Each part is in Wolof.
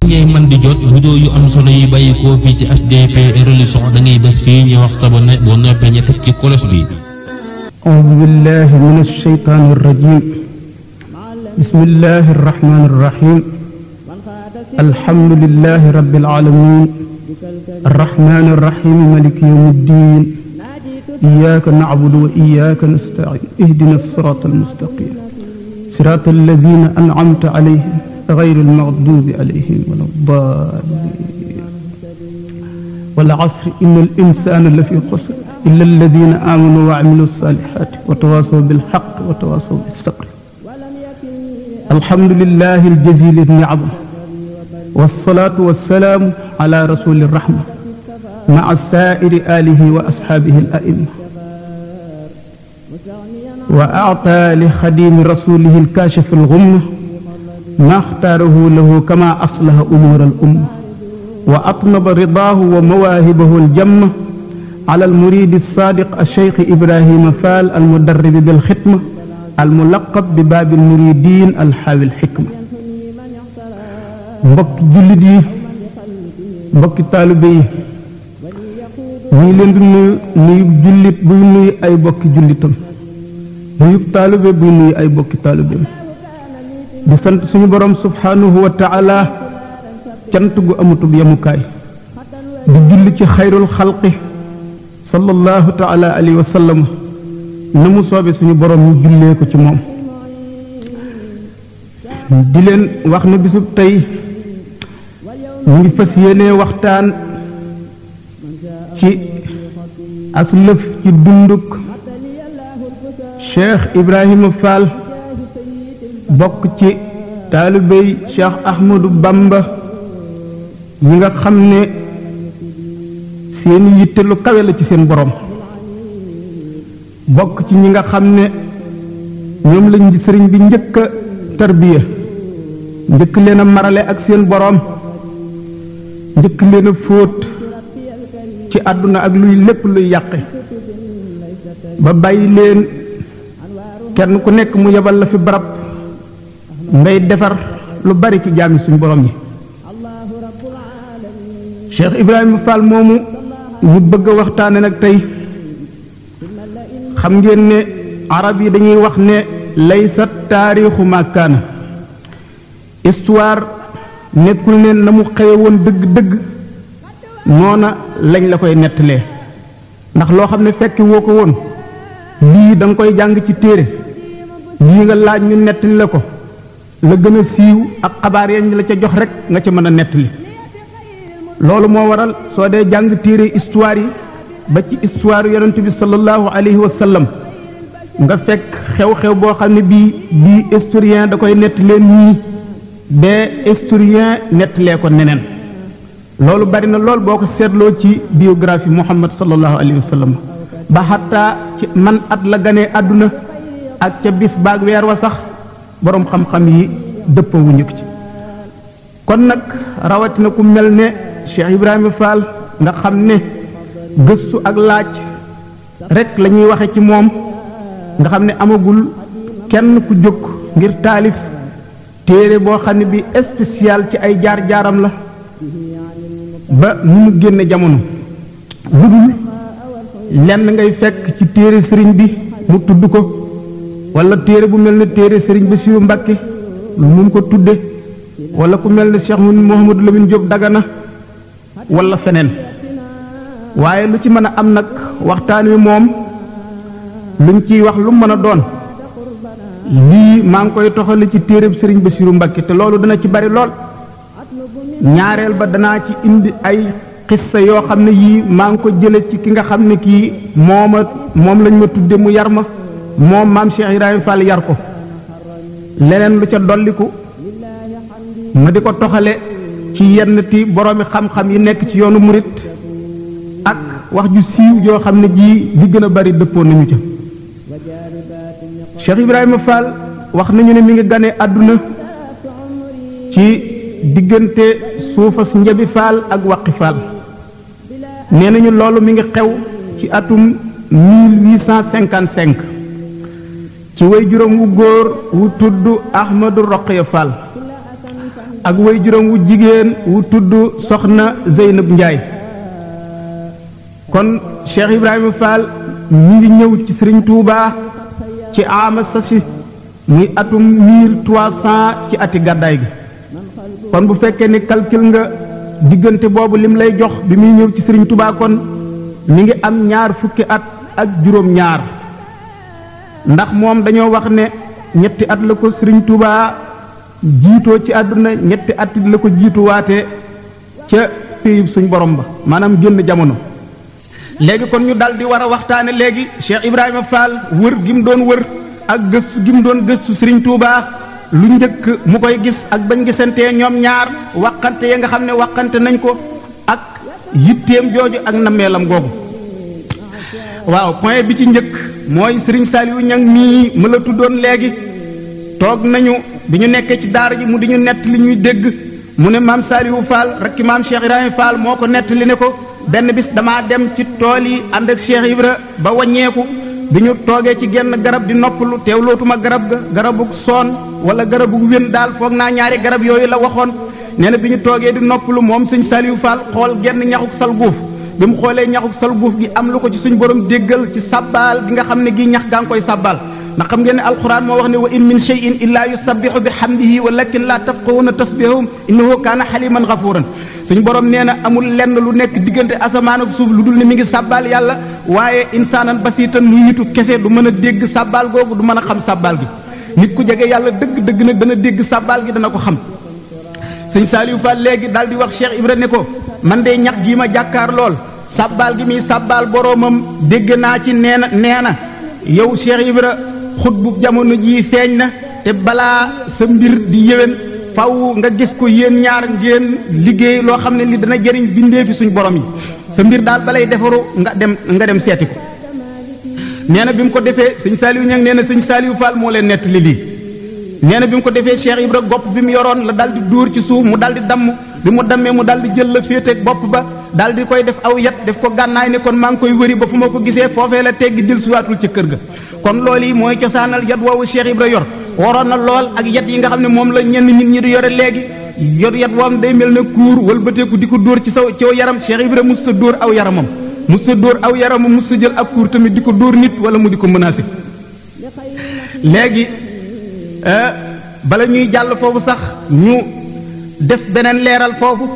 ngay man di jot vidéo yu am solo yi ci HDP religion da ngay ñu wax ci bi أعوذ بالله من الشيطان الرجيم بسم الله الرحمن الرحيم الحمد لله رب العالمين الرحمن الرحيم ملك يوم الدين إياك نعبد وإياك نستعين اهدنا الصراط المستقيم صراط الذين أنعمت عليهم غير المغضوب عليهم ولا الضالين والعصر إن الإنسان لفي خسر إلا الذين آمنوا وعملوا الصالحات وتواصوا بالحق وتواصوا بالصبر الحمد لله الجزيل النعم والصلاة والسلام على رسول الرحمة مع سائر آله وأصحابه الأئمة وأعطى لخديم رسوله الكاشف الغمة نختاره له كما أصلح أمور الأمة وأطنب رضاه ومواهبه الجمة على المريد الصادق الشيخ إبراهيم فال المدرب بالختمة الملقب بباب المريدين الحاوي الحكمة mbokk جلدي yi طالبي taalibe yi ñu بني أي بك nuyub jullit buy بني أي بك jullitam di sant suñu borom subhanahu wa taala cant gu amatu yamukaay di julli ci xayrul xalqi sallallahu taala na mu soobe suñu borom ñu jullee ko ci moom di leen wax ne bisub tey ñu ngi fas yéene waxtaan ci aslëf ci dunduk Cheikh Ibrahima Fall bokk ci taalibey Cheikh Ahmadou Bamba ñi nga xam ne seen yitte lu kawe la ci seen boroom bokk ci ñi nga xam ne ñoom lañ di sëriñ bi njëkk a tarbiya njëkk leen marale ak seen boroom njëkk leen a fóot ci àdduna ak luy lépp luy yàqe ba bàyyi leen kenn ku nekk mu yebal la fi barab ngay defar lu bari ci jaami suñu borom yi Cheikh Ibrahima Fall moomu ñu bëgg a waxtaane nag tey xam ngeen ne arab yi dañuy wax ne laysa taarixu màkkaana histoire nekkul ne na mu xewe woon dëgg-dëgg noona lañ la koy nettalee ndax loo xam ne fekki woo ko woon lii da koy jàng ci téere lii nga laaj ñu nettali la ko la gën a siiw ak xabaar yañ la ca jox rek nga ca mën a nettali loolu moo waral soo dee jàng téere histoire yi ba ci histoire yonent bi sallallahu alayhi wa sallam nga fekk xew-xew boo xam ne bii bii historien da koy nett leen nii bee historien nettalee ko neneen loolu bari na lool boo ko seetloo ci biographie Muhammad sallallahu alayhi wa sallam ba xataa ci man at la ganee àdduna ak ca bis baag weer wa sax boroom xam yi dëppoo ñu ci kon nag rawatina ku mel ne Cheikh Ibrahima Fall nga xam ne gëstu ak laaj rek lañuy waxe ci moom nga xam ne amagul kenn ku jóg ngir taalif téere boo xam ne bi spécial ci ay jaar-jaaram la ba mu génne jamono lu dul lenn ngay fekk ci téere sëriñ bi mu tudd ko wala téere bu mel ne téere sëriñ Bassirou Mbacke mu ko tudde wala ku mel ne Cheikh Mouhamadou Lamine Diop Dagana wala feneen waaye lu ci mën a am nag waxtaan wi moom luñ ciy wax lu mën a doon lii maa ngi koy toxale ci téere téereb sëriñ Bassirou Mbacke te loolu dana ci bari lool ñaareel ba danaa ci indi ay sa yoo xam ne yii maa ngi ko jële ci ki nga xam ne kii mooma moom lañ ma tudde mu yar ma moom maam Cheikh Ibrahima Fall yar ko leneen lu ca dolliku ma di ko toxale ci yenn ti boroomi xam-xam yi nekk ci yoonu murit ak wax ju siiw joo xam ne ji di gën a bari dëppoon nañu ca Cheikh Ibrahima Fall wax nañu ne mi ngi gane àdduna ci diggante suufas njabi Fall ak waqi Fall nee nañu loolu mi ngi xew ci atum 1855 ci way juróom wu góor wu tudd ahmadu roqaya fall ak way juróom wu jigéen wu tudd soxna zeynab njaay kon cheikh ibrahima fall mi ngi ñëw ci sëriñ tuuba ci ama sasi muy atum mille trois ci ati gàddaay gi kon bu fekkee ni calcul nga diggante boobu lim lay jox bi muy ñëw ci sëriñ Tuubaa kon mi ngi am ñaar fukki at ak juróom ñaar ndax moom dañoo wax ne ñetti at la ko sëriñ Touba jiitoo ci àdduna ñetti at la ko jiituwaate ca péyib suñ borom ba maanaam génn jamono léegi kon ñu dal di war a waxtaane léegi Cheikh Ibrahima Fall wër gim doon wër ak gëstu gi mu doon gëstu sëriñ Touba lu njëkk mu koy gis ak bañ gisantee ñoom ñaar waxante yi nga xam ne waxante nañ ko ak yitteem jooju ak nammeelam googu waaw point bi ci njëkk mooy sëriñ Saliou Niang mii ma la tuddoon léegi toog nañu bi ñu nekkee ci daara ji mu di ñu nett li ñuy dégg mu ne maam Saliou Fall rakki maam Cheikh Ibrahima Fall moo ko nett ne ko benn bis damaa dem ci tool yi ànd ak Cheikh Ibra ba waññeeku bi ñu toogee ci genn garab di noppalu lootuma garab ga garabug soon wala garabug wénn daal foog naa ñaari garab yooyu la waxoon nee na bi ñu toogee di noppalu moom sëñ Saliou Fall xool genn ñaxuk salguuf bi mu xoolee ñaxuk sal guuf gi am lu ko ci suñu borom déggal ci sàbbaal gi nga xam ne gi ñax gaa ngi koy sàbbaal ndax xam ngeen ne alquran moo wax ne wa in min cheyin illaa yusabixu bi xamdihi walakin laa ko tafqahuna tasbihahum innahu kaana xaliman gafuran suñu borom nee na amul lenn lu nekk diggante asamaan ak suuf lu dul ne mi ngi sàbbaal yàlla waaye insaanan basiitan nu yitu kese du mën a dégg sàbbaal googu du mën a xam sàbbaal gi nit ku jege yàlla dëgg dëgg nag dana dégg sàbbaal gi dana ko xam sëñ Saliou Fall léegi daal di wax Cheikh Ibra ne ko man de ñax gii ma jàkkaar lool sàbbaal gi muy sàbbaal boromam dégg naa ci nee na nee na yow Cheikh Ibra xutbu jamono jii feeñ na te balaa sa mbir di yéwén faw nga gis ko yéen ñaar ngeen liggéey loo xam ne li dana jëriñ bindee fi suñ borom yi sa mbir daal balay defaru nga dem nga dem seeti ko nee na bi mu ko defee sëñ Saliou ñang nee na sëñ Saliou Fall moo leen nettali lii nee bi mu ko defee Cheikh Ibra gopp bi mu yoroon la dal di dóor ci suuf mu dal di damm bi mu dammee mu dal di jël la féete bopp ba dal di koy def aw yat def ko gannaay ne kon mang koy wëri ba fu ma ko gisee fofé la tegg dil suwatul ci kër ga kon loolu yi mooy cosaanal yat woowu cheikh ibra yor waroon na lool ak yat yi nga xam ne moom la ñenn nit ñi di yore léegi yor yat woom day mel ne kuur wëlbateeku di ko dóor ci saw ci yaram cheikh ibra mus sa dóor aw yaramam mus dóor aw yaramam musta jël ak cour tamit di ko nit wala mu di ko menacé léegi euh, bala ñuy jàll foofu sax ñu def beneen leeral foofu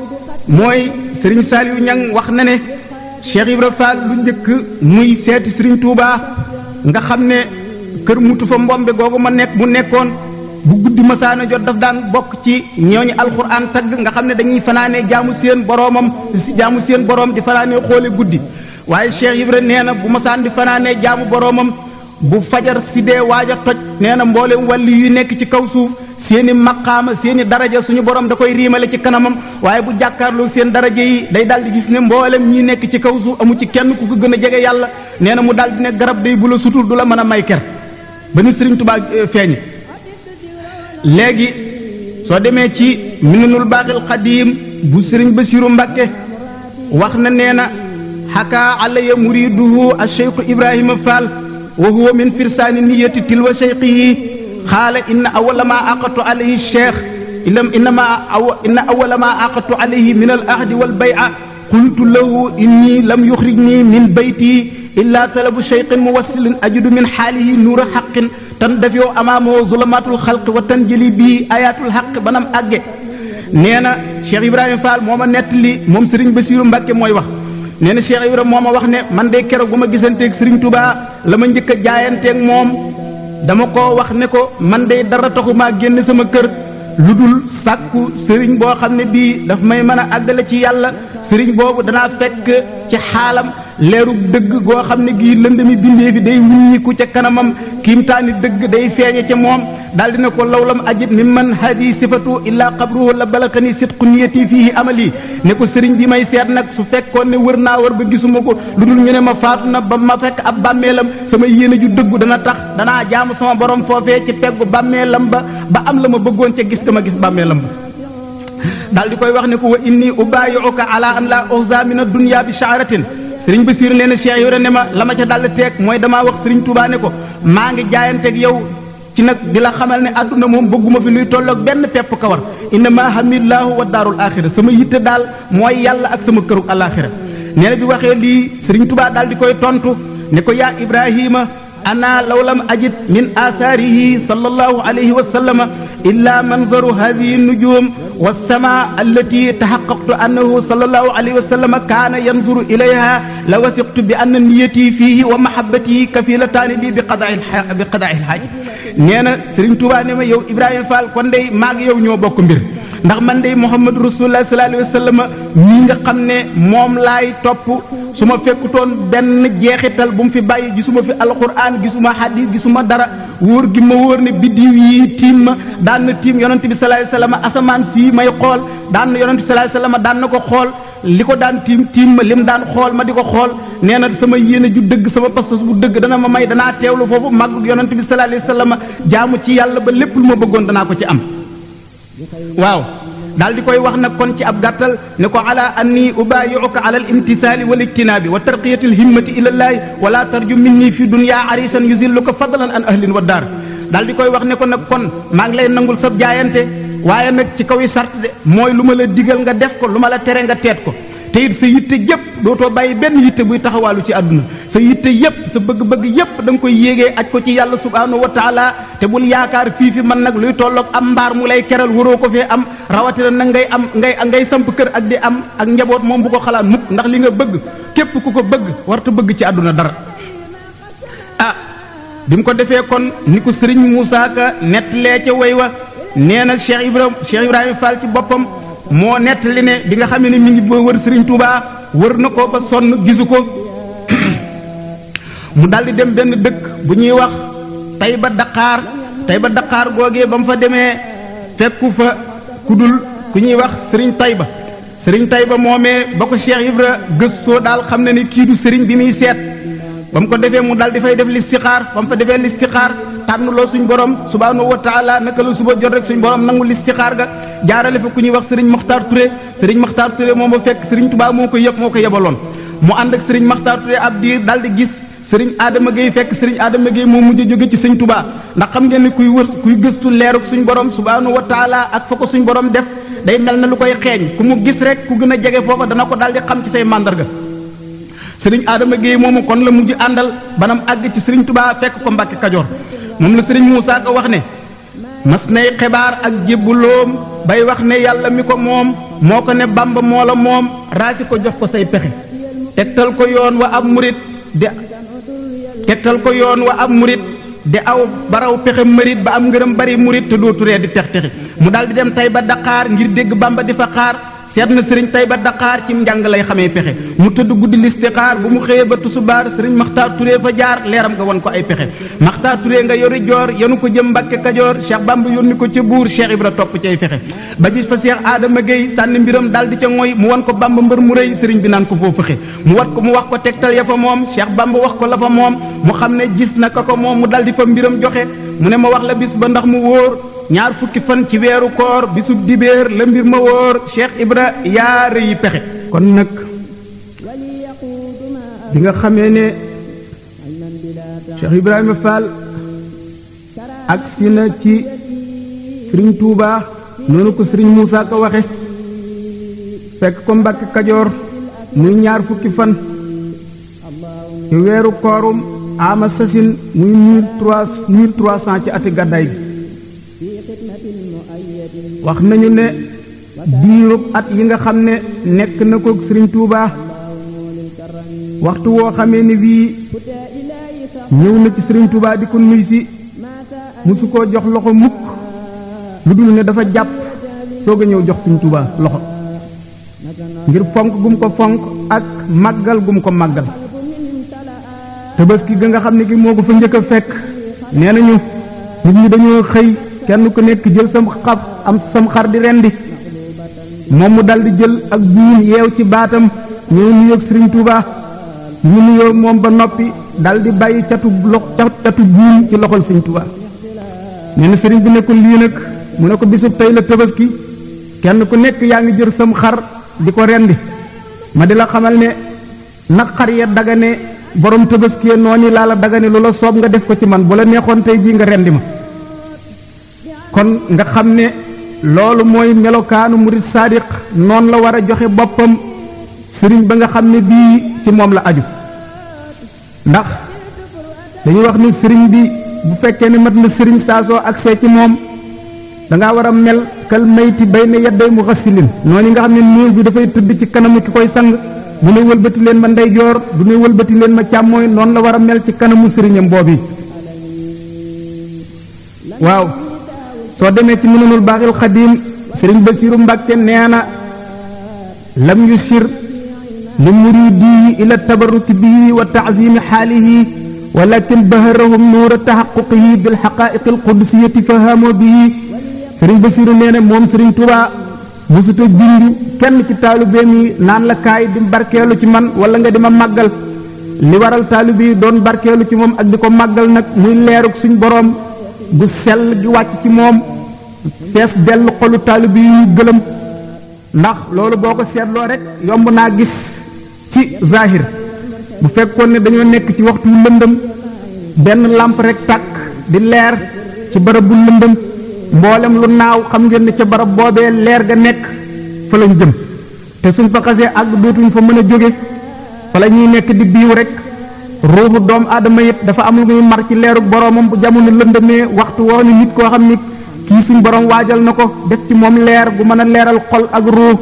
mooy sëriñ Saliou Niang wax na ne Cheikh Ibra Fall lu njëkk muy seeti sëriñ Touba nga xam ne kër mutu fa mbombe googu ma nekk mu nekkoon bu guddi masaana jot daf daan bokk ci ñooñu alxuraan tagg nga xam ne dañuy fanaanee jaamu seen boroomam jaamu seen boroom di fanaanee xoole guddi waaye Cheikh Ibra nee na bu masaan di fanaanee jaamu boroomam bu fajar si dee waaj a toj nee na mboolem wàllu yu nekk ci kaw suuf seeni maqaama seeni daraja suñu borom da koy riimale ci kanamam waaye bu jàkkaarloo seen daraja yi day daal di gis ne mboolem ñi nekk ci kaw suuf amu ci kenn ku ko gën a jege yàlla nee na mu daal di ne garab day bu la sutul du la mën a may ker ba ni Sëriñ Tuubaa eh, feeñ léegi soo demee ci Minanul Baaxil Xadiim bu Sëriñ Basiru Mbàkke wax na nee na xakaa alaya muriduhu a Cheikh Ibrahima Fall wa huwa min firsaani niyati tilwa cheikhihi قال إن أول ما أقط عليه الشيخ إنما إنما أو إن أول ما أقط عليه من العهد والبيعة قلت له إني لم يخرجني من بيتي إلا طلب شيخ موصل أجد من حاله نور حق تندفع أمامه ظلمات الخلق وتنجلي به آيات الحق بنم أجي نينا شيخ إبراهيم فال موما نتلي موم سرين بسير مباك موي وخ نينا شيخ إبراهيم موما وخ ني من دي كيرو غوما غيسنتك سرين توبا لما نجيك جاينتك موم dama ko wax ne ko man dey dara taxumaa génn sama kër lu dul sàkku sëriñ boo xam ne bii dafa may mën a àggale ci yàlla sëriñ boobu danaa fekk ci xaalam leeru dëgg goo xam ne gii lëndami bindee fi day wuññiku ca kanamam taani dëgg day feeñe ca moom daal dina ko lawlam ajib mi man hadi sifatu illaa xabruhu la balakani sidqu niyati fihi amali ne ko sëriñ bi may seet nag su fekkoon ne wër naa war ba gisuma ko lu dul ñu ma faatu na ba ma fekk ab bàmmeelam sama yéene ju dëggu dana tax danaa jaamu sama borom foofee ci peggu bàmmeelam ba ba am la ma bëggoon ca gis ka ma gis bàmmeelam ba daal di koy wax ne ko wa inni ubayiuka ala an sëriñ Basiir nee na Cheikh Ibra ne ma la a ca dal teeg mooy damaa wax sëriñ Touba ne ko maa ngi jaayanteeg yow ci nag di la xamal ne àdduna moom bëgguma fi luy tollook benn pepp kawar innama hamidlaahu wa daarul axira sama yitte daal mooy yàlla ak sama këru alaxira nee na bi waxee lii sëriñ tubaa daal di koy tontu ne ko yaa Ibrahima ana law lam ajid min athaarihi sallallahu alayhi wa sallama illa manzaru hadihi nujum والسماء التي تحققت أنه صلى الله عليه وسلم كان ينظر إليها لوثقت بأن نيتي فيه ومحبتي كفيلتان لي بقضاء بقضاء الحاج نينا سيرن توبا نيما يو ابراهيم فال كون داي ماغ يو ñoo bokk mbir ndax محمد رسول الله صلى الله عليه وسلم mi nga xamne mom suma ma fekkutoon benn jeexital bu mu fi bàyyi gisuma fi alquran gisuma hadis gisuma dara wóor gi ma wóor ne biddiw yi tiim ma daan na tiim yonent bi salaay salaam asamaan sii may xool daan na yonent bi salaay salaam daan na ko xool li ko daan tiim tiim ma li daan xool ma di ko xool nee na sama yéene ju dëgg sama pas-pas bu dëgg dana ma may danaa teewlu foofu màgg yonent bi salaay salaam jaamu ci yàlla ba lépp lu ma bëggoon danaa ko ci am waaw daal di koy wax nag kon ci ab gàttal ne ko ala anni ubayiuka ala al imtisali wal ijtinabi wa tarqiyati al himmati ila allahi wala tarju minni fi dunya arisan yuzilluka fadlan an ahlin wa dar daal di koy wax ne ko nag kon maa ngi lay nangul sab jaayante waaye nag ci kaw yi sart de mooy lu ma la digal nga def ko lu ma la tere nga teet ko te it sa yitte yëpp dootoo bàyyi benn yitte buy taxawaalu ci àdduna sa yitte yëpp sa bëgg-bëgg yëpp da nga koy yéegee aj ko ci yàlla subhaanahu wa te bul yaakaar fii fi man nag luy tollook am mbaar mu lay keral waroo ko fee am rawatina nag ngay am ngay ngay samp kër ak di am ak njaboot moom bu ko xalaat mukk ndax li nga bëgg képp ku ko bëgg warta bëgg ci àdduna dara ah bi mu ko defee kon ni ko sëriñ Moussa Ka nettalee ca way wa nee na Cheikh Ibrahima Cheikh ci boppam moo nettali ne bi nga xamee ne mi ngi ba wër Serigne Touba wër na ko ba sonn gisu ko mu daldi dem benn dëkk bu ñuy wax ba Daqaar ba Daqaar googee ba mu fa demee fekku fa ku dul ku ñuy wax Serigne Tayba Serigne Tayba moomee ba ko Cheikh Ibra gëstoo daal xam na ne kii du sëriñ bi muy seet ba mu ko defee mu daldi fay def listixaar ba mu fa defee listixaar tànn loo suñ borom subhanahu wa taala naka la suba jot rek suñ borom nangul listixaar ga jaarale fa ku ñuy wax sëriñ maxtaar touré sëriñ maxtaar touré moo ma fekk sëriñ tubaa moo ko yëpp moo ko yebaloon mu ànd ak sëriñ maxtaar touré ab diir dal di gis sëriñ adama gay fekk sëriñ adama gay moo mujj jóge ci sëriñ tubaa ndax xam ngeen ni kuy wër kuy gëstu leeruk suñ borom subhanahu wa taala ak fa ko suñ borom def day mel na lu koy xeeñ ku mu gis rek ku gën a jege foofa dana ko dal di xam ci say màndarga sëriñ adama gay moomu kon la mujj banam àgg ci sëriñ tubaa fekk ko kajoor moom la sëriñ Moussa ko wax ne mas nay xibaar ak jébbaloom bay wax ne yàlla mi ko moom moo ko ne bamba moo la moom raasi ko jox ko say pexe tegtal ko yoon wa ab murit de tegtal ko yoon wa ab murit de aw baraw pexe mërit ba am ngërëm bari murit te dootu ree di tex texi mu daal di dem tey ba daqaar ngir dégg bamba di fa xaar seet na sëriñ tay ba daqaar cim njàng lay xamee pexe mu tëdd guddi listixaar bu mu xëyee ba tusubaar sëriñ maxtaar turé fa jaar leeram nga wan ko ay pexe maxtaar turé nga yori joor yanu ko jëm mbàkke kajoor cheikh bamba yónni ko ca buur cheikh ibra topp cay fexe ba gis fa cheikh aadama géy sànni mbiram daal di ca mooy mu wan ko bamba mbër mu rëy sëriñ bi naan ko foo fëxe mu wat ko mu wax ko tegtal ya fa moom cheikh bamba wax ko la fa moom mu xam ne gis na ka ko moom mu dal di fa mbiram joxe mu ne ma wax la bis ba ndax mu wóor ñaar fukki fan ci wéru koor bisub dibeer le mbir ma woor cheikh ibra yaari yi pexe kon nag bi nga xamee ne cheikh ibrahima fall ak sina ci sëriñ touba noonu ko sëriñ moussa ko waxe fekk ko mbàkk kajoor muy ñaar fukki fan ci weeru koorum ama sasin muy 1300 ci ati gàddaay bi wax nañu ne diirub at yi nga xam ne nekk na koog Sëriñ Tuuba waxtu woo xamee ni wii ñëw na ci Sëriñ Tuuba di ko nuy si su koo jox loxo mukk lu dul ne dafa jàpp soog a ñëw jox Sëriñ Tuuba loxo ngir fonk gum ko fonk ak màggal gum ko màggal tabaski ga nga xam ne gi moo ko fa njëkk a fekk nee nañu nit ñi dañoo xëy kenn ku nekk jël sam xaf am sam xar di rendi moom mu daldi jël ak buum yeew ci baatam ñëw nuyoog Sëriñ Tuuba ñu nuyoo moom ba noppi daldi bàyyi catu lo catu buum ci loxol Sëriñ Tuuba nee na sëriñ bi nekkul lii nag mu ne ko bisub tey la tabaski kenn ku nekk yaa ngi jël sam xar di ko rendi ma di la xamal ne nag xar ya dagane borom tabaski noonu laa la dagane lu la soob nga def ko ci man bu la neexoon tey jii nga rendi ma kon nga xam ne loolu mooy melokaanu murid saadiq noonu la war a joxe boppam sëriñ ba nga xam ne bii ci moom la aju ndax dañuy wax ni sëriñ bi bu fekkee ne mat na sëriñ saasoo ak see ci moom danga war a mel kal mayti bay na yedday mu xasilin noonu nga xam ne néew bi dafay tëdd ci kanamu ki koy sang bu ne wëlbati leen ma ndeyjoor bu ne wëlbati leen ma càmmooñ noonu la war a mel ci kanamu sëriñam boobu waaw soo demee ci minumul baaxil xadim sëriñ basiru mbàkke nee na lam yu sir li muridi ila tabarruki bihi wa taazimi xaalihi walakin baharahum nuura taxaquqihi bil xaqaiqi alqudusiyati fahamoo bihi sëriñ basiru nee na moom sëriñ tuba musuta jindi kenn ci taalibeem yi naan la kaay di barkeelu ci man wala nga di ma màggal li waral taalibe yi doon barkeelu ci moom ak di ko màggal nag muy leeruk suñ boroom gu sell gi wàcc ci moom fees dell xolu taalibe yu gëlëm ndax loolu boo ko seetloo rek yomb naa gis ci zahir bu fekkoon ne dañoo nekk ci waxtu wu lëndëm benn làmp rek tàkk di leer ci barab bu lëndëm mboolem lu naaw xam ngeen ne ca barab boobee leer ga nekk fa lañ jëm te suñ fa xasee àgg dootuñ fa mën a jóge fa la nekk di biiw rek ruuxu doomu aadama it dafa am lu muy mar ci leeru boromam bu jamono lëndëmee waxtu woo ni nit koo xam ni kii suñ borom waajal na ko def ci moom leer bu mën a leeral xol ak ruux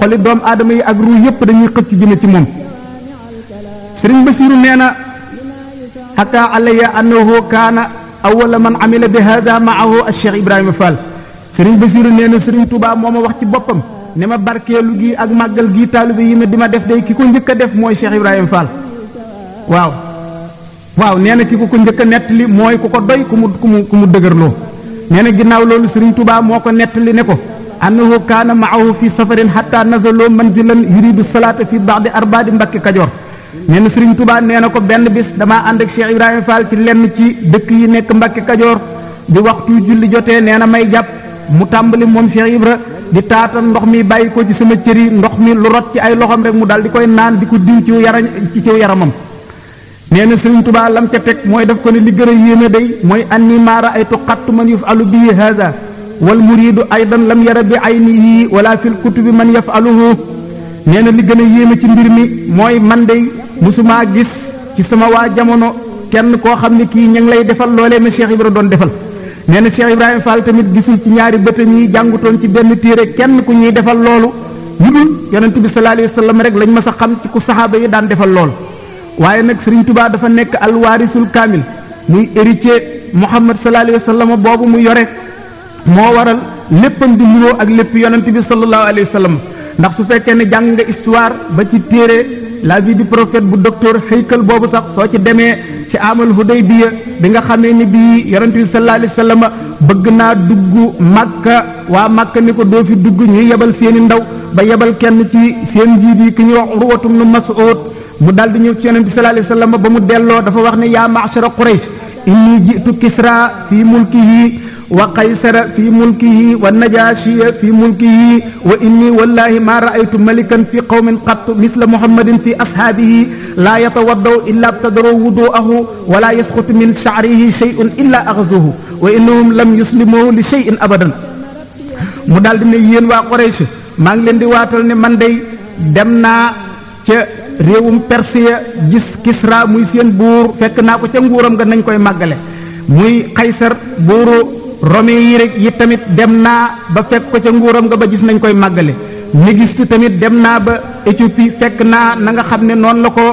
xoli doomu aadama yi ak ruux yépp dañuy xëcc jëme ci moom sëriñ Basiiru nee na xakaa alaya annahu kaana awala man amila bi hada maahu al cheikh ibrahima fall sëriñ Basiiru nee na sëriñ Tuubaa moo ma wax ci boppam ne ma barkeelu gii ak màggal gi taalibe yi ma di ma def day ki ko njëkk a def mooy cheikh ibrahima fall waaw waaw nee na ki ku ko njëkk a nettali mooy ku ko doy ku mu ku mu ku mu dëgërloo nee na ginnaaw loolu Sëriñ Tuubaa moo ko nettali ne ko annahu kaana maahu fi safarin hatta nazaloo manzilan yuridu salaata fi baadi arbaadi mbakki kajoor nee na Sëriñ Tuubaa nee na ko benn bis damaa ànd ak Cheikh Ibrahima Fall ci lenn ci dëkk yi nekk mbakki kajoor di waxtu julli jotee nee na may jàpp mu tàmbali moom Cheikh Ibra di taata ndox mi bàyyi ko ci sama cër yi ndox mi lu rot ci ay loxoom rek mu dal di koy naan di ko diw ci yarañ ci ciw yaramam nee na Sëriñ lam ca teg mooy daf ko ne li gën a yéeme dey mooy anni maa raaytu xattu man yufalu bihi haada wal muriidu aydan lam yara bi aynihi wala fil bi man yafaluhu nee na li gën a yéeme ci mbir mi mooy man day musumaa gis ci sama waa jamono kenn koo xam ne kii ña ngi lay defal loolee ma Cheikh Ibra doon defal nee na Cheikh Ibrahima tamit gisul ci ñaari bëtam yi jàngutoon ci benn téere kenn ku ñuy defal loolu lu dul yonent bi sallallahu alayhi wa sallam rek lañ mas a xam ci ku saxaaba yi daan defal loolu waaye nag Serigne tubaab dafa nekk alwaarisul kaamil muy héritier Muhammad sallallahu alayhi wa sallam boobu mu yore moo waral léppam di nuroo ak lépp yonent bi sallallahu alayhi wa ndax su fekkee ne jàng nga histoire ba ci téere la vie du prophète bu docteur Haykal boobu sax soo ci demee ci amal Hudaybiya bi nga xamee ni bii yonent bi sallallahu alayhi wa bëgg naa dugg Makka waa Makka ni ko doo fi dugg ñuy yebal seeni ndaw ba yebal kenn ci seen njiit yi ki ñu wax Urwatum nu Mas'ud mu daldi ñëw ci yenenbi sallallahu alayhi wasallam ba mu dello dafa wax ne ya ma'shara quraish inni ji'tu kisra fi mulkihi wa wa qaisar fi mulkihi najashi fi mulkihi wa inni wallahi ma ra'aytu malikan fi رأيت qat misla muhammadin fi ashabihi la yatawaddu illa tadru wudu'ahu wa la وضوءه min sha'rihi shay'un illa aghzuhu wa innahum lam yuslimu li shay'in abadan mu daldi ne yéen wa Quraysh ma ngi len di watal ne man day dem naa ca réewum persiya gis kisra muy seen buur fekk naa ko ca nguuram nga nañ koy màggale muy xaysar buuru rome yi rek yi tamit dem naa ba fekk ko ca nguuram nga ba gis nañ koy màggale négis tamit dem naa ba éthiopie fekk naa na nga xam ne noonu la ko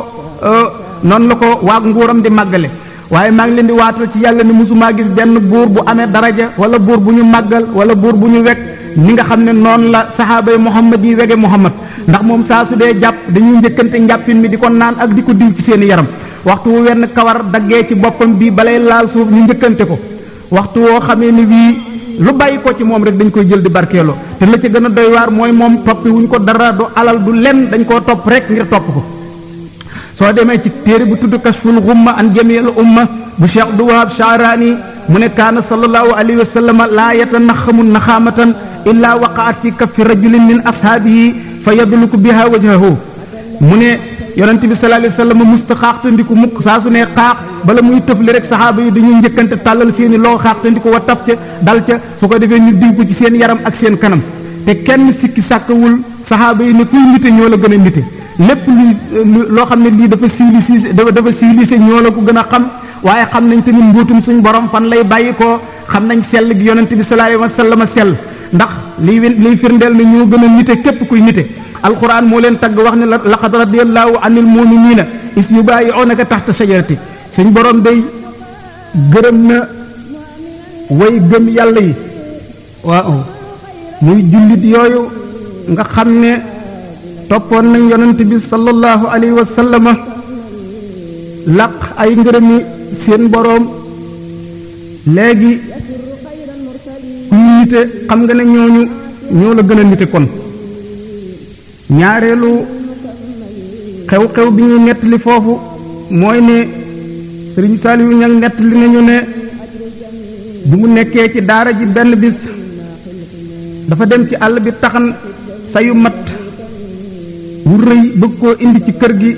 euh, noonu la ko waa nguuram di màggale waaye maa leen di waatal ci yàlla ni musumaa gis benn buur bu amee daraja wala buur bu ñu màggal wala buur bu ñu wekk ni nga xam ne noonu la saxaaba yi Muhammad yi wege Muhammad ndax moom saa su dee jàpp dañuy njëkkante njàppin mi di ko naan ak di ko diw ci seen yaram waxtu wu wenn kawar daggee ci boppam bi balay laal suuf ñu njëkkante ko waxtu woo xamee ni wii lu bàyyi ko ci moom rek dañ koy jël di barkeeloo te la ci gën a waar mooy moom toppi wuñ ko dara du alal du lenn dañ koo topp rek ngir topp ko soo demee ci téere bu tudd kasful xumma an jamil umma bu cheikh duwahab mu ne kaana sallallahu alayhi wa sallam laa yatanaxamu naxaamatan illaa waqaat fi kaffi rajulin min ashaabihi fa yadluku biha wajhahu mu ne yonent bi sallallahu alayhi wa sallam musta xaaxtandiku mukk saa su ne xaax bala muy tëfli rek saxaaba yi dañuy njëkkante tàllal seen i loo xaaxtandiku wa taf ca dal ca su ko defee ñu diw ko ci seen yaram ak seen kanam te kenn sikki sàkkawul saxaaba yi ne kuy nite ñoo la gën a nite lépp luy loo xam ne lii dafa civilisé dafa civilisé ñoo la ko gën a xam waaye xam nañ tamit mbuutum suñ borom fan lay bàyyi ko xam nañ sell gi yonent bi sallallahu alayhi wa sallam sell ndax liy liy firndeel ne ñoo gën a nite képp kuy nite alquran moo leen tagg wax ne laqad radiyallahu anil muminina is yubayi'unaka tahta shajarati suñ borom day gërëm na way gëm yàlla yi waaw muy jullit yooyu nga xam ne toppoon nañ yonent bi sallallahu alayhi wa sallam laq ay ngërëmi seen boroom léegi kuy nite xam nga ne ñooñu ñoo la gën a nite kon ñaareelu xew-xew bi ñuy nettali foofu mooy ne sëriñ Saliou ñag nettali nañu ne bu mu nekkee ci daara ji benn bis dafa dem ci àll bi taxan sayu mat wu rëy bëgg koo indi ci kër gi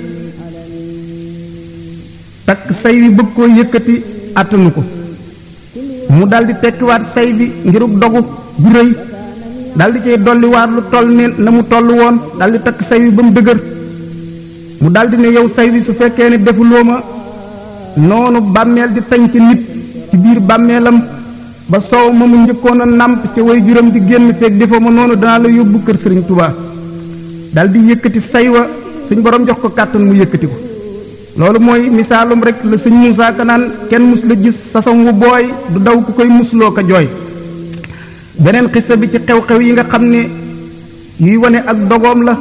takk say wi bëgg ko yëkkati àttanu ko mu daldi tekkiwaat say bi ngirub dogu bu rëy daldi cay dolliwaat lu toll ne na mu toll woon daldi takk say wi ba mu dëgër mu daldi ne yow say wi su fekkee ne defuloo ma noonu bàmmeel di tañ ci nit ci biir bàmmeelam ba soow ma mu njëkkoon a nàmp ca way juram di génn teeg defoo ma noonu danaa la yóbbu kër sëriñ Tuubaa daldi yëkkati say wa suñ borom jox ko kàttan mu yëkkati ko loolu mooy misaalum rek la sëñ Moussa Ka naan kenn mus la gis sason wu booy du daw ku koy musloo ko jooy beneen xissa bi ci xew-xew yi nga xam ne yuy wane ak dogoom la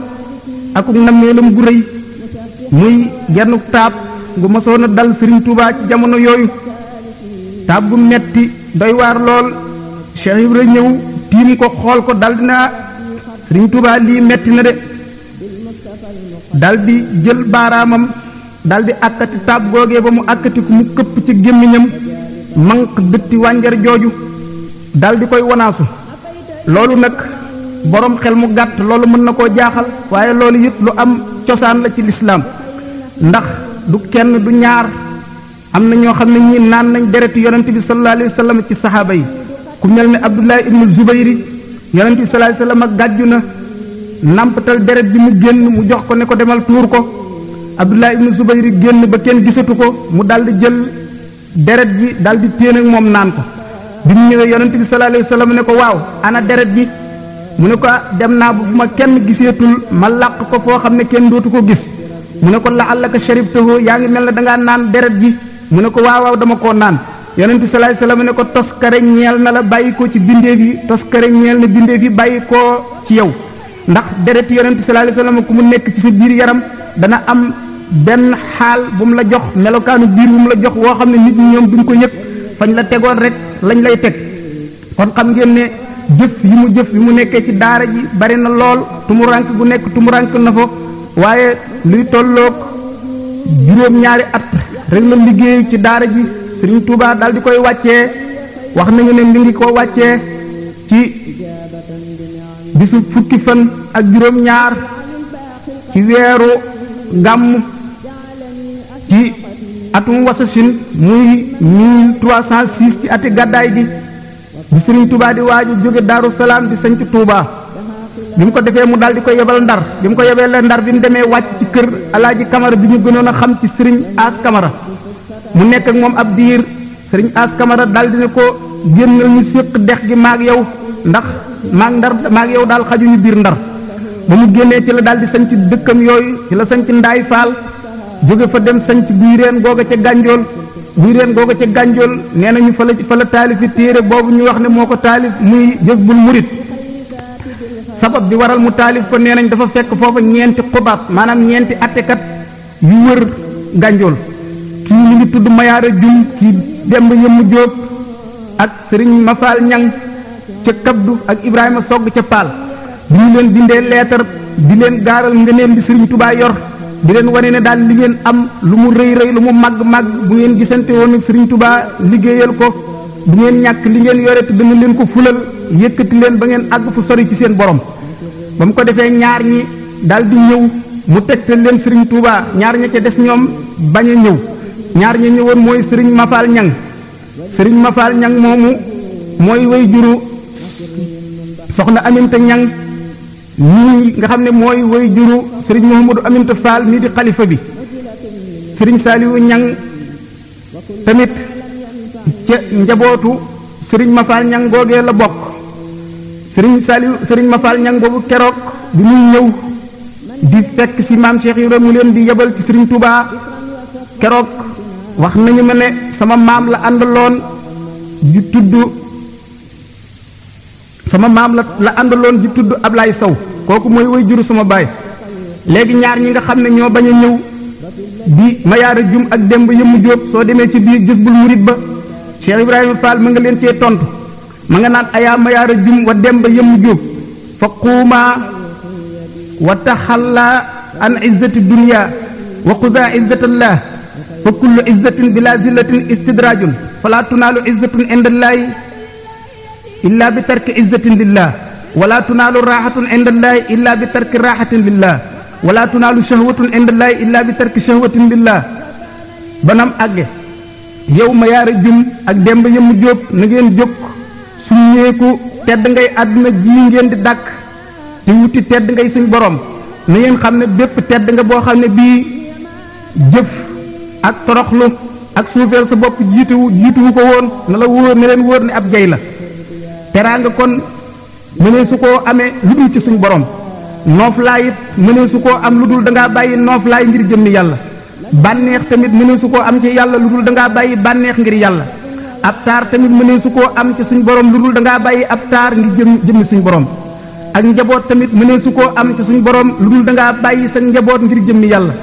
ak nammeelam gu rëy muy genn taab gu mosoon a dal Sëriñ Tuubaa ci jamono yooyu taab gu metti doy waar lool Cheikh Ibra ñëw tiim ko xool ko daldi dinaa Sëriñ Tuubaa lii metti na de dal jël baaraamam daldi àkkati taab googee ba mu àkkati ku mu këpp ci gémmiñam manq dëtti wànjar jooju daldi koy wanaasu loolu nag boroom xel mu gàtt loolu mën na koo jaaxal waaye loolu it lu am cosaan la ci lislaam ndax du kenn du ñaar am na ñoo xam ne ñii naan nañ dereti yonent bi sallallahu alayhi wa sallam ci saxaaba yi ku mel ne Abdullah ibnu Zubayri yonent bi sallallahu alayhi wa sallam gàjju na nàmpatal deret bi mu génn mu jox ko ne ko demal tuur ko abdullah ibnu subayr genn ba kenn gisatu ko mu di jël deret ji daldi teen ak mom nan ko bi mu ñëwee bi sallallahu alayhi wasallam ne ko waaw ana deret ji mu ne ko ah, dem na bu ma kenn gisetul ma laq ko fo xamne ne kenn dootu ko gis mu ne ko la allaka sharibtahu ngi mel na da nga nan deret ji mu ne ko waaw waaw dama ko nan yaronte sallallahu alayhi wasallam ne ko toskare ñeel na la bayiko ci bindeef yi toskare ñeel na bindeef nak bayiko ci yow ndax deret yaronte sallallahu alayhi wasallam ku mu nekk ci sa biir yaram dana am benn xaal bu mu la jox melokaanu biir bu mu la jox woo xam ne nit ñi ñoom duñ ko yëg fañ la tegoon rek lañ lay teg kon xam ngeen ne jëf yi mu jëf yi mu nekkee ci daara ji bari na lool tumurank bu nekk tumurank na fa waaye luy tollook juróom-ñaari at rek la liggéey ci daara ji Serigne tuubaa daal di koy wàccee wax nañu ne mi ngi ko wàcce ci bisu fukki fan ak juróom-ñaar ci weeru gàmm ci atum wasasin muy 1306 ci ati gàddaay gi bi sëriñ Touba di waaju jóge Daaru Salaam di sanc Touba bi mu ko defee mu daal di ko yebal ndar bi mu ko yebalee ndar bi mu demee wàcc ci kër alaaji Kamara bi ñu gënoon a xam ci sëriñ As Kamara mu nekk ak moom ab biir sëriñ As Kamara daal di ne ko génnal ñu séq dex gi maag yow ndax maag ndar maag yow daal xajuñu biir ndar ba mu génnee ci la daal di sanc dëkkam yooyu ci la sanc Ndaay Faal Juga fa dem sanc goga googa ca gànjool biireen goga ci ganjol neena ñu fa la fa la talif téere bobu ñu wax ne moko talif muy murit sabab di waral mu talif ko neenañ dafa fekk ñenti ñeenti manam ñenti atté kat yu wër ganjol ki ñu ngi tuddu mayara jum ki demb yëmu at ak serigne nyang ñang ci kabdu ak ibrahima sogg ci pal bi ñu leen bindee lettre di leen gaaral ngëneel serigne touba yor di leen wane ne daal li ngeen am lu mu rëy rëy lu mu màgg màgg bu ngeen gisante woon ak Serigne Touba liggéeyal ko bu ngeen ñàkk li ngeen yore te dana leen ko fulal yëkkati leen ba ngeen àgg fu sori ci seen borom ba mu ko defee ñaar ñi daal di ñëw mu tegtal leen Serigne tuubaa ñaar ña ca des ñoom bañ a ñëw ñaar ña ñëwoon mooy Serigne Mafal Ñang sëriñ Mafal Ñang moomu mooy way juru soxna Aminta Ñang ñi nga xam ne mooy way juru sëriñ mohamadou aminte fall ni di xalifa bi sëriñ saaliwu ñang tamit ca njabootu sëriñ mafal ñang googee la bokk sëriñ saliw sëriñ mafal ñang boobu keroog bi muy ñëw di fekk si maam cheikh ibrahim mu leen di yebal ci sëriñ touba keroog wax nañu ma ne sama maam la àndaloon di tudd sama maam la la àndaloon di tudd Ablaye Sow kooku mooy way juru sama baay léegi ñaar ñi nga xam ne ñoo bañ a ñëw di Mayaara Jum ak Demba Yëmmu Jóob soo demee ci biir Jazbul Murid ba Cheikh Ibrahima Fall ma nga leen cee tontu ma nga naan ayaa Mayaara Jum wa Demba yëmm Jóob fa quumaa wa taxallaa an izzati dunya wa qudaa izzatallah fa kullu izzatin bila zillatin istidrajun falaa tunaalu izzatun indallaahi illaa bi tarki izzatin lillah wala tunaalu raaxatun inda allahi illaa bi tarki raaxatin lillah wala tunaalu shahwatun inda allahi illaa bi tarki shahwatin lillah banam àgge yow ma yaara jum ak demb yëmu jóob na ngeen jóg suññeeku tedd ngay àdduna jii ngeen di dàkk te wuti tedd ngay suñ borom na ngeen xam ne bépp tedd nga boo xam ne bii jëf ak toroxlu ak suufeel sa bopp jiituwu jiituwu ko woon na la wóor ne leen wóor ne ab jay la teraanga kon mënee su koo amee lu dul ci suñ borom nooflaay it mënee su koo am lu dul da ngaa bàyyi nooflaay ngir jëmmi yàlla bànneex tamit mënee su koo am ci yàlla lu dul da bàyyi bànneex ngir yàlla ab taar tamit mënee su koo am ci suñ borom lu dul da ngaa bàyyi ab taar ngir jëm jëmmi suñ borom ak njaboot tamit mënee su koo am ca suñ borom lu dul bàyyi sa njaboot ngir jëmmi yàlla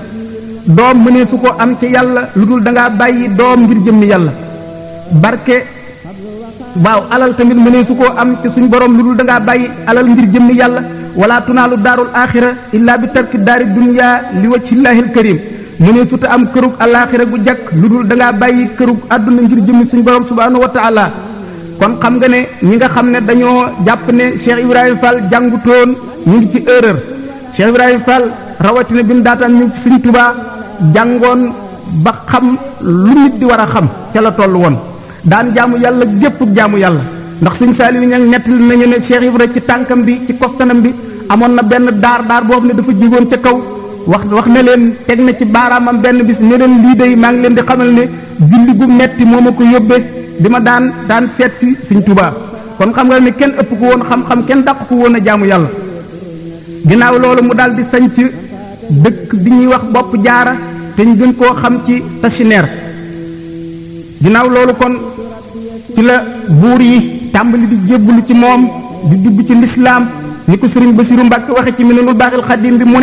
doom mënee su koo am ci yàlla lu dul da bàyyi doom ngir jëmmi yàlla waaw alal tamit mënee su koo am ci suñ borom lu dul da ngaa bàyyi alal ngir jëmmi yàlla wala tunaalu daarul axira illaa bi tarki daari dunya li wajhillahi alkarim mënee suta am kërug alaxira bu jàkk lu dul da ngaa bàyyi kërug àdduna ngir jëmmi suñ borom subhanahu wa taala kon xam nga ne ñi nga xam ne dañoo jàpp ne Cheikh Ibrahima Fall jàngutoon ñu ngi ci erreur Cheikh Ibrahima Fall rawatina bi mu daataan ñu ngi tubaa jàngoon ba xam lu nit di war a xam ca la toll woon daan jaamu yàlla gépp jaamu yàlla ndax sëñ Saaliw ñang nettali nañu ne Cheikh Ibra ci tànkam bi ci kostanam bi amoon na benn daar daar boo ne dafa jigoon ca kaw wax wax na leen teg na ci baaraamam benn bis ne leen lii day maa ngi leen di xamal ne julli gu metti moom ma ko yóbbee di ma daan daan seet si sëñ Tuubaa kon xam nga ne kenn ëpp ko woon xam-xam kenn dàq ko woon a jaamu yàlla ginnaaw loolu mu daal di sanc dëkk bi ñuy wax bopp jaara te ñu gën koo xam ci Tasineer ci la buur yi tàmbali di jébbulu ci moom di dugg ci lislaam ni ko sëriñ basiru mbàkke waxe ci minanul baaxil xadim bi mu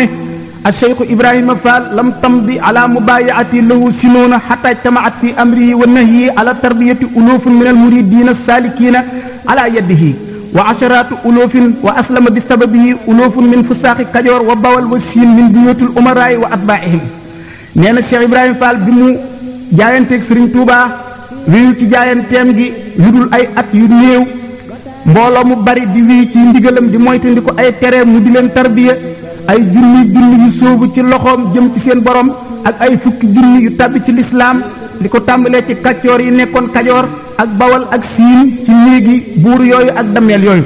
الشيخ إبراهيم فال لم تمضي على مبايعتي له سنون حتى اجتمعت في أمره ونهيه على تربية ألوف من المريدين السالكين على يده وعشرات ألوف وأسلم بسببه ألوف من كجور وبول من بيوت الأمراء وأتباعهم الشيخ إبراهيم فال بمو جاين توبا wiiw ci jaayanteem gi yudul ay at yu néew mbolo mu bari di wii ci ndigalam di moytandiku ay tere mu di leen tarbiya ay junni junni yu soobu ci loxoom jëm ci seen borom ak ay fukki junni yu tabbi ci lislaam li ko tàmbalee ci kaccoor yi nekkoon kajoor ak bawal ak sin ci néegi buur yooyu ak dameel yooyu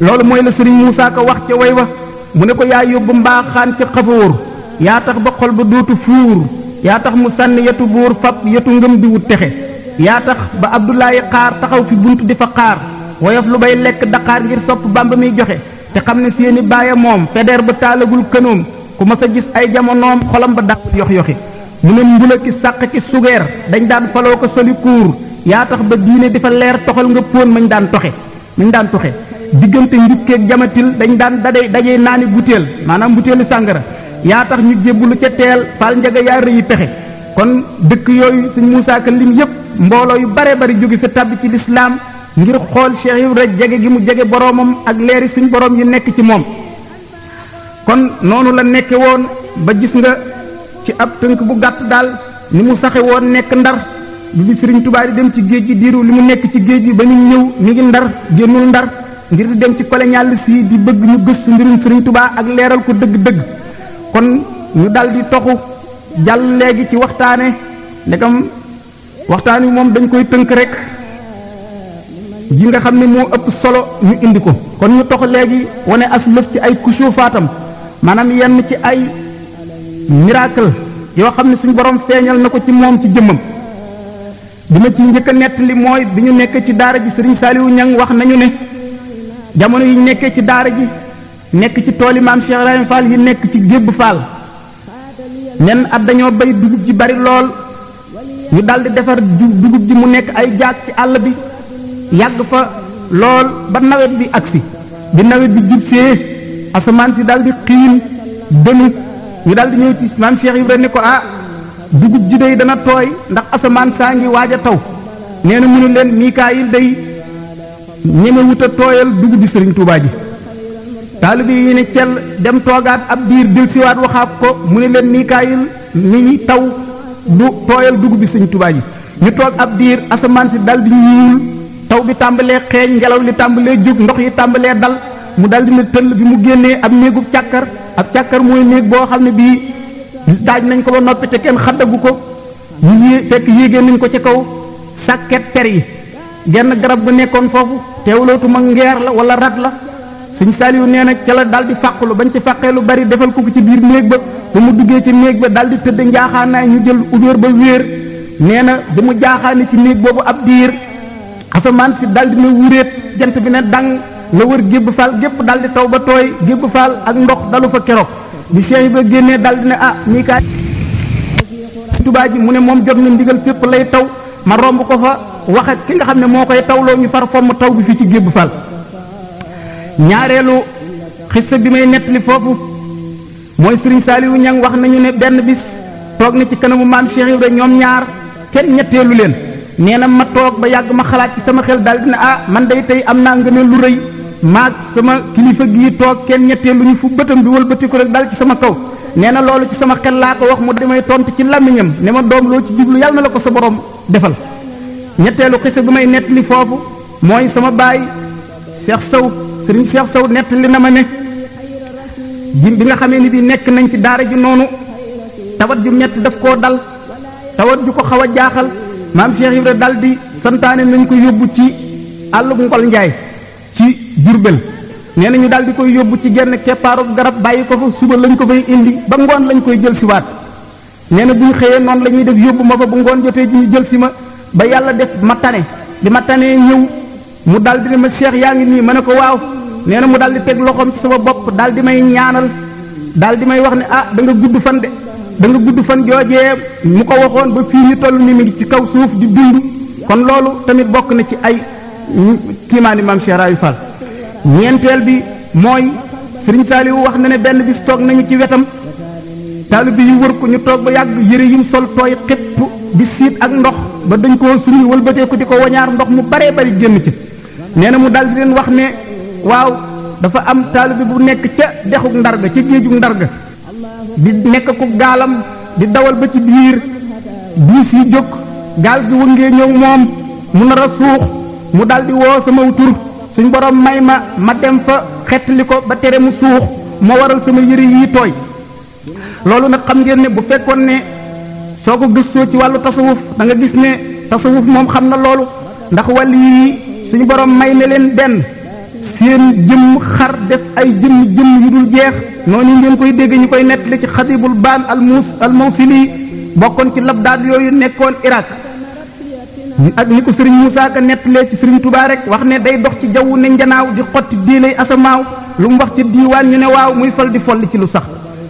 loolu mooy la sëriñ Moussa ka wax ca way wa mu ne ko yaa yóbbu mbaaxaan ci xafóor yaa tax ba xol ba dootu fuur yaa tax mu sànni yetu buur fab yetu ngëm di wut texe yaa tax ba Abdoulaye xaar taxaw fi bunt di fa xaar woyof lu bay lekk daqaar ngir sopp bamba miy joxe te xam ne seeni baaya moom fedeer ba taalagul kënoom ku mas a gis ay jamonoom xolam ba daawul yox yoxi mu ne mbula ki sàq ki sugeer dañ daan faloo ko soli kuur yaa tax ba diine di fa leer toxal nga póon mañ daan toxe mañ daan toxe diggante njukkeeg jamatil dañu daan daje daje naa ne butéel maanaam butéelu sàngara yaa tax ñu jébbalu ca teel fal njaga yaa rëyi pexe kon dëkk yooyu sëñ Moussa Ka lim yëpp mbooloo yu bare bari jóge fi tàbbi ci lislaam ngir xool Cheikh Ibra jege gi mu jege boroomam ak leeri suñ boroom yi nekk ci moom kon noonu la nekke woon ba gis nga ci ab tënk bu gàtt daal ni mu saxe woon nekk ndar bi bi sëriñ tubaa di dem ci géej gi diiru li mu nekk ci géej gi ba ñu ñëw ñu ngi ndar génnul ndar ngir di dem ci colonialiste yi di bëgg ñu gëstu mbirum sëriñ tubaa ak leeral ko dëgg-dëgg kon ñu dal jàll léegi ci waxtaane ndegam waxtaan wi moom dañ koy tënk rek yi nga xam ne moo ëpp solo ñu indi ko kon ñu tox léegi wane as lëf ci ay kusufaatam maanaam yenn ci ay miracle yoo xam ne suñu borom feeñal na ko ci moom ci jëmmam bi ma ci njëkk a nettali mooy bi ñu nekk ci daara ji sëriñ Saliou Niang wax nañu ne jamono yi ñu nekkee ci daara ji nekk ci tooli maam Cheikh Ibrahim yi nekk ci gébb faal nen at dañoo bay dugub ji bari lool ñu daldi defar dugub ji mu nekk ay jaag ci àll bi yàgg fa lool ba nawet bi agsi bi nawet bi jubsee asamaan si daldi xiin dënu ñu daldi ñëw ci maam Cheikh Ibrahima ne ko ah dugub ji day dana tooy ndax asamaan saa ngi waaj a taw nee na mënu leen Mikaayil day ñemewut a tooyal dugub bi Sëriñ Tuubaa ji taalibe yi ne cell dem toogaat ab diir dil siwaat ko mu ne leen Mikaayil mi taw du tooyal dugub bi sëñ Tuubaa yi ñu toog ab diir asamaan si dal di ñuul taw bi tàmbalee xeeñ ngelaw li tàmbalee jóg ndox yi tàmbalee dal mu dal dina tëll bi mu génnee ab néegub càkkar ab càkkar mooy néeg boo xam ne bii daaj nañ ko ba noppi te kenn xaddagu ko ñu yé fekk yéegee nañ ko ci kaw sàkket per yi genn garab gu nekkoon foofu te teewlootu ma ngeer la wala rat la señ saaliwu neena ci la dal di faqlu bañ ci fàqee lu bari defal ko ci biir neeg ba bu mu duggé ci neeg ba dal di tedd njaaxaanaay ñu jël ubéer ba wéer neena bu mu jaaxaane ci neeg bobu ab diir asaman ci dal di na wuréet jant bi ne dang la wër gébb fal gépp dal di tawba toy tooy fal ak ndox dalu fa kérok bi cheikh ba génné dal di ne ah mi ka tuba ji mu ne mom jot na ndigal fépp lay taw ma romb ko fa wax ak ki nga xamne mo koy tawloo ñu far fomm taw bi fi ci gébb fal ñaareelu xissa bi may nettali foofu mooy Serigne Saliou Niang wax nañu ne benn bis toog na ci kanamu maam Cheikh Ibra ñoom ñaar kenn ñetteelu leen nee na ma toog ba yàgg ma xalaat ci sama xel daal dina ah man day tey am naa ngëneel lu rëy maag sama kilifa gii toog kenn ñetteelu ñu fu bëtam bi wëlbati ko rek dal ci sama kaw nee na loolu ci sama xel laa ko wax mu damay tontu ci làmmiñam ne ma doom loo ci jublu yàlla na ko sa borom defal ñetteelu xisa bi may nettali foofu mooy sama baay Cheikh Sow sëriñ Cheikh Sow nettali na ma ne jim bi nga xamee ni bii nekk nañ ci daara ji noonu tawat ju metti daf koo dal tawat ju ko xaw a jaaxal maam Cheikh Ibra dal di santaane nañ ko yóbbu ci àllub ngol njaay ci Jurbel nee na ñu daal di koy yóbbu ci genn keppaarub garab bàyyi ko fa suba lañ ko fay indi ba ngoon lañ koy jël si waat nee bu ñu xëyee noonu la ñuy def yóbbu ma fa bu ngoon jotee ji ñu jël si ma ba yàlla def ma tane bi ma tanee ñëw mu daldi ne ma cheikh yaangi ni nii ma ne ko waaw nee na mu daldi tek loxom ci sama bopp daldi may ñaanal daldi may wax ni ah da nga gudd fan de da nga gudd fan joojee mu ko waxon ba fi ni tollu ni mi ci kaw suuf di dund kon lolu tamit bok na ci ay kiimaani mam cheikh rayu fall ñentel bi moy serigne saliw wax na ne benn bis tok nañu ci wetam talib yu wër ko ñu tok ba yàgg yëre yim sol toy xep di sit ak ndox ba dañ ko suñu wëlbatee ko diko ndox mu bare bare genn ci neena mu dal di len wax ne waw dafa am talib bu nek ca dexuk ndar ga ci géejug ndar ga di nek ku galam di dawal ba ci bir biis si jóg gal gi wonge ñew mom mu na a mu dal di wo sama tur suñ borom mayma ma dem fa xettali ko ba tere mu suux mo waral sama yiri yi toy lolou nak xam ngeen ne bu fekkon ne soko gisso ci walu tasawuf da nga gis ne tasawuf mom xamna lolou ndax wali suñu borom may na leen benn seen jëmm xar def ay jëmm jëmm yu dul jeex noonu ngeen koy déggee ñu koy nettali ci xadibul baan al mus al mawsili bokkoon ci labdaad yooyu nekkoon Irak ak ni ko Serigne Moussa Ka nettalee ci Serigne Touba rek wax ne day dox ci jaww ne njanaaw di xotti diilay asamaaw lu mu wax ci diiwaan ñu ne waaw muy fal di folli ci lu sax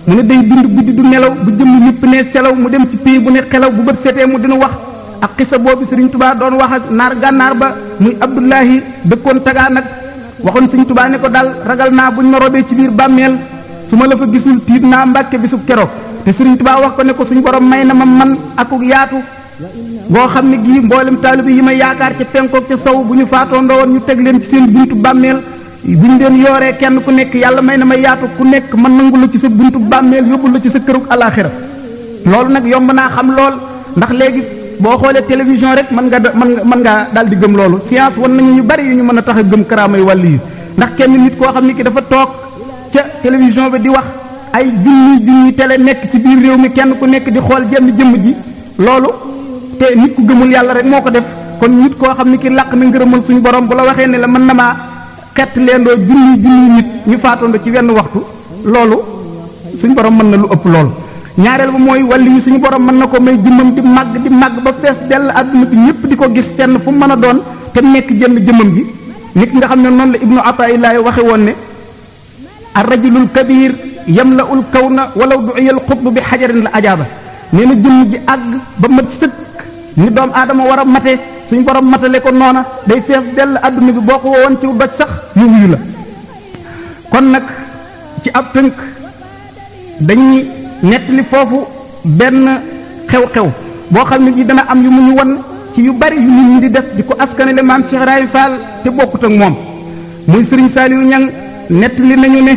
mu ne day dund guddi du nelaw bu jëmm ñëpp ne selaw mu dem ci pii bu ne xelaw bu bët setee mu dina wax ak xisa boobu sëriñ tubaa doon wax ak naar gànnaar ba muy abdullahi dëkkoon tagaa nag waxoon sëriñ tubaa ne ko daal ragal naa bu ñu ma robee ci biir bàmmeel su ma la fa gisul tiit naa mbàkke bisu kero te suriñ tubaa wax ko ne ko suñ borom may na ma man akuk yaatu boo xam ne gii mboolem taalibe yi ma yaakaar ca penkook ca sow bu ñu faatoo ndowoon ñu teg leen ci seen buntu bàmmeel bu ñu leen yooree kenn ku nekk yàlla may na ma yaatu ku nekk man nangu la ci sa buntu bàmmeel yóbbu la ci sa kërug alaxira nag yomb naa xam lool ndax léegi bo xolé télévision rek man nga man nga mën ngaa daal di gëm lolu science won nañu yu bari yu ñu mëna taxé gëm karaamay wàll yi ndax kenn nit ko xamni ki dafa tok ci télévision bi di wax ay junni junni télé nek ci biir réew mi kenn ku nek di xol jëm jëm ji lolu te nit ku gëmul yalla rek moko def kon nit ko xamni ki làq na ngeerumul suñu borom bu la waxé ne la mën na maa xett leendoo junni junni nit ñu faatandoo ci wenn waxtu lolu suñu borom mën na lu ëpp lolu ñaarel ba mooy wàlli yu suñu borom mën na ko may jëmmam di màgg di màgg ba fees dell àdduna bi ñëpp di ko gis fenn fu mën a doon te nekk jënn jëmmam ji nit nga xam ne noonu la ibnu ataaillahi waxe woon ne arrajulul kabir yamlaul kawna walaw duiyal xutbu bi xajarin la ajaaba nee na jëmm ji àgg ba mat sëkk ni doom aadama war a mate suñ borom matale ko noona day fees dell àdduna bi boo ko wowoon ci doj sax mu wuyu la kon nag ci ab tënk dañuy netli fofu ben xew-xew bo xamni ne dana am yu mu ñu won ci yu bari yu nit ñi di def di ko le mam Cheikh Ibrahima Fall te bokkut ak mom muy Serigne Saliou Niang nettali nañu ne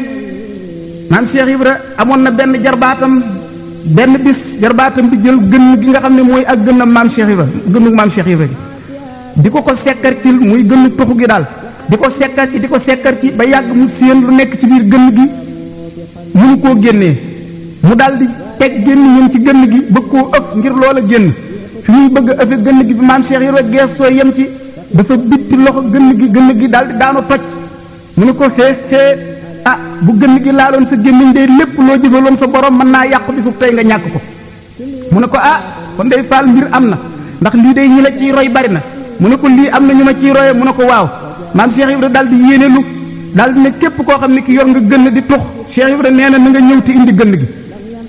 mam Cheikh Ibra amon na ben jarbatam ben bis jarbatam bi jël gën gi nga xamni moy ak gën mam Cheikh Ibra gënu mam Cheikh Ibra di ko ko sekkar ci muy gën toxu gi dal di ko sekkar ci di ko sekkar ci ba yag mu seen lu nekk ci bir gën gi mu ko génnee mu daldi tek genn génn ci genn gi bëgg ko ëpp ngir loola genn fi muy bëgg ëpp genn gi bi maam cheikh yi rek gesso yem ci dafa bitti loxo genn gi genn gi dal daano daanu mu ne ko xé xé ah bu genn gi laaloon sa gémmiñ day lepp lo jëfaloon sa borom mën naa yàq bisu tay nga ñàkk ko mu ne ko ah kon day faal mbir amna ndax li day ñi la roy bari na mu ne ko li amna ñuma ci roy mu ne ko waaw maam cheikh yi dal di lu dal di ne képp koo xam ne ki yor nga genn di tux cheikh yi nee na nga ñëw ti indi genn gi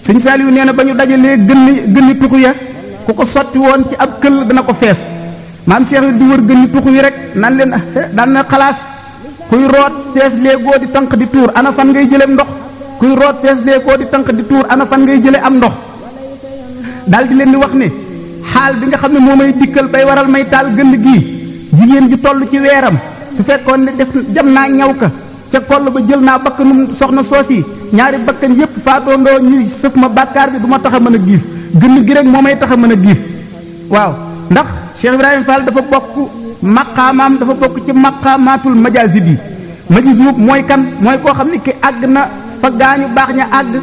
sëñ saaliw neena na dajale ñu dajalee gën gënni tuxu ya ku ko sotti woon ci ab këll dana ko fees maam cheikh di wër gënni yi rek nan leen ah, eh, dan na xalaas kuy root fees léegoo di tanq di tuur ana fan ngay jëlee ndox kuy root fees léegoo di tanq di tuur ana fan ngay jëlee am ndox dal di leen di wax ne xaal bi nga xam ne moo may dikkal bay waral may taal gënd gii jigéen ju toll ci weeram su fekkoon ne def jam naa ñaw ca koll ba jël naa num soxna soosi ñaari bakkan yépp faatoondoo ñuy sëf ma bàkkaar bi du ma tax a mën a giif gënn gi rek moo may tax a mën a giif waaw ndax cheikh ibrahim fall dafa bokk maqaamaam dafa bokk ci maqaamaatul majaazib yi majzuub mooy kan mooy koo xam ne ki àgg na fa gaañu baax ña àgg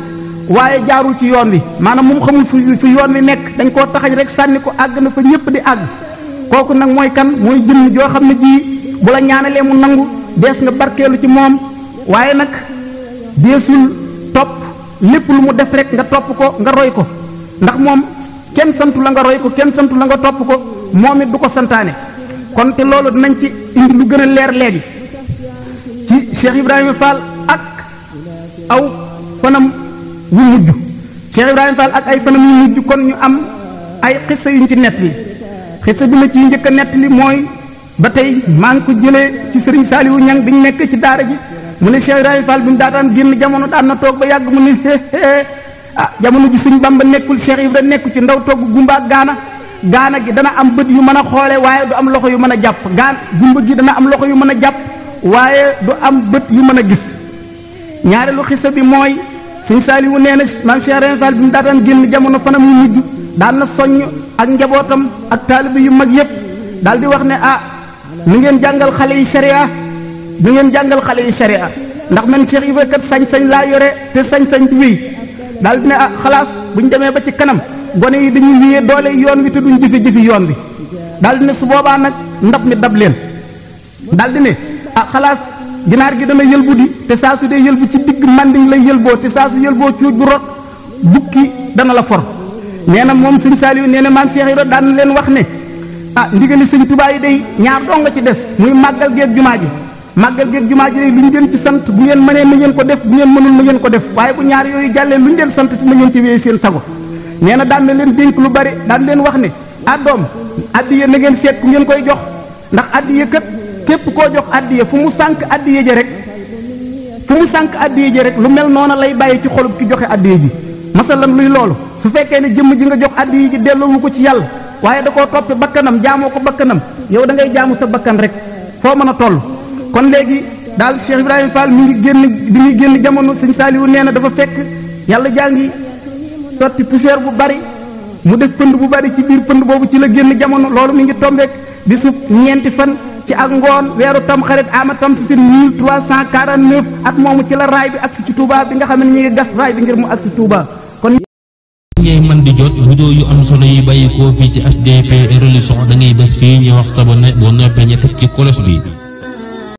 waaye jaarul ci yoon bi maanaam moom xamul fu fu yoon bi nekk dañ koo taxañ rek sànni ko àgg na fa ñëpp di àgg kooku nag mooy kan mooy jëmm joo xam ne ji bu la ñaanalee mu nangu dees nga barkeelu ci moom waaye nag deesul topp lépp lu mu def rek nga topp ko nga roy ko ndax moom kenn santu la nga roy ko kenn santu la nga topp ko moom it du ko santaane kon te loolu dinañ ci indi lu gën a leer léegi ci Cheikh Ibrahima Fall ak aw fanam yu mujj Cheikh Ibrahima Fall ak ay fanam yu mujj kon ñu am ay xissa yuñ ci nettali xissa bi ma ciy njëkk a nettali mooy ba tey maa ngi ko jëlee ci sëriñ Saliou Niang bi ñu nekk ci daara ji mu ne Cheikh Ibrahima Fall bi mu taan génn jamono daan na toog ba mu ne ah jamono ji sëñ Bamba nekkul Cheikh Ibra nekku ci ndaw togg gumba ak gaana gaana gi dana am bët yu mën a xoole waaye du am loxo yu mën a jàpp gaan gumba gi dana am loxo yu mën a jàpp waaye du am bët yu mën a gis ñaareelu xisa bi mooy sëñ Saliou nee na maam Cheikh Ibrahima Fall bi mu daataan génn jamono fanam mu mujj daan na soññ ak njabootam ak taalibe yu mag yépp daal di wax ne ah na ngeen jàngal xale yi sharia na ngeen jàngal xale yi sharia ndax man Cheikh Ibrahima kat sañ-sañ laa yore te sañ-sañ bi wéy daal di ne ah xalaas bu ñu demee ba ci kanam gone yi dañuy wiyee doole yoon wi te duñ jëfe-jëfi yoon bi daal di ne su boobaa nag ndab mi dab leen daal di ne ah xalaas ginaar gi dana yëlbu di te saa su dee yëlbu ci digg manding lay yëlboo te saa su yëlboo cuuj bu rot bukki dana la for nee na moom sëñ Saliou nee na maam Cheikh Ibrahima daan leen wax ne ah ndigali sëñ touba yi day ñaar do nga ci dess muy magal geeg jumaa ji màggal geeg jumaa ji day lu ci sante bu ngeen mané ma ngeen ko def bu ngeen mënul ma ngeen ko def waye bu ñaar yoyu jalle luñu ñu sante ma ngeen ci wéy seen sago neena daan na leen denk lu bari daan leen wax ne adom adiyé na ngeen sét ku ngeen koy jox ndax adiyé kat képp ko jox adiyé fu mu sank adiyé je rek fu mu sank adiyé je rek lu mel lay baye ci xolub ki joxe adiyé ji masalam luy lolu su fekkee ne ji nga jox adiyé ji delloowu ko ci yalla waaye da koo topp bakkanam jaamoo ko bakkanam yow da ngay jaamu sa bakkan rek foo mën a toll kon léegi daal Cheikh Ibrahima Fall mi ngi génn bi muy génn jamono sëñ Saaliwu nee na dafa fekk yàlla jaa ngi sotti poussière bu bari mu def pënd bu bari ci biir pënd boobu ci la génn jamono loolu mi ngi tombeek bisu ñeenti fan ci ak ngoon weeru tam xarit ama tam si 1349 ak moomu ci la raay bi agsi ci Touba bi nga xam ne ñu ngi gas raay bi ngir mu agsi Touba di jot vidéo yu am solo yi bàyyi koo fii ci HDP religion da ngay bés fii ñu wax s'abonner boo noppee ñu teg ci cloche bi